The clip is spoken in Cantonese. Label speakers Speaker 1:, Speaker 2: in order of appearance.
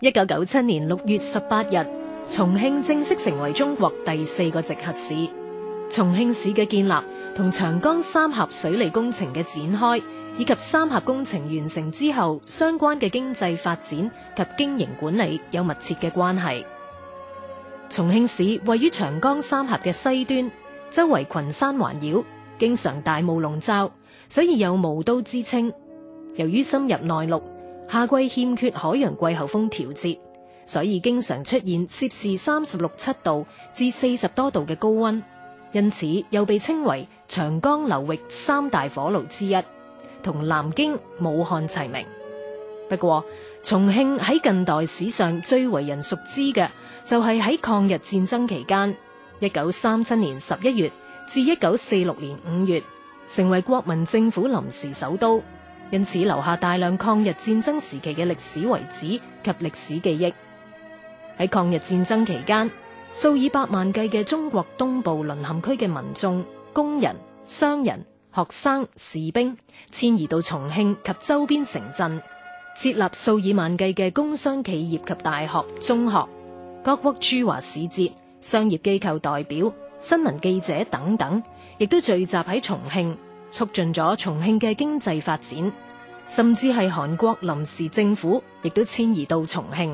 Speaker 1: 一九九七年六月十八日，重慶正式成為中國第四個直轄市。重慶市嘅建立同長江三峽水利工程嘅展開以及三峽工程完成之後相關嘅經濟發展及經營管理有密切嘅關係。重慶市位於長江三峽嘅西端，周圍群山環繞，經常大霧籠罩，所以有霧都之稱。由於深入內陸。夏季欠缺海洋季候風調節，所以經常出現攝氏三十六七度至四十多度嘅高溫，因此又被稱為長江流域三大火爐之一，同南京、武漢齊名。不過重慶喺近代史上最為人熟知嘅，就係喺抗日戰爭期間，一九三七年十一月至一九四六年五月，成為國民政府臨時首都。因此留下大量抗日戰爭時期嘅歷史遺址及歷史記憶。喺抗日戰爭期間，數以百萬計嘅中國東部淪陷區嘅民眾、工人、商人、學生、士兵遷移到重慶及周邊城鎮，設立數以萬計嘅工商企業及大學、中學，各國駐華使節、商業機構代表、新聞記者等等，亦都聚集喺重慶。促進咗重慶嘅經濟發展，甚至係韓國臨時政府亦都遷移到重慶。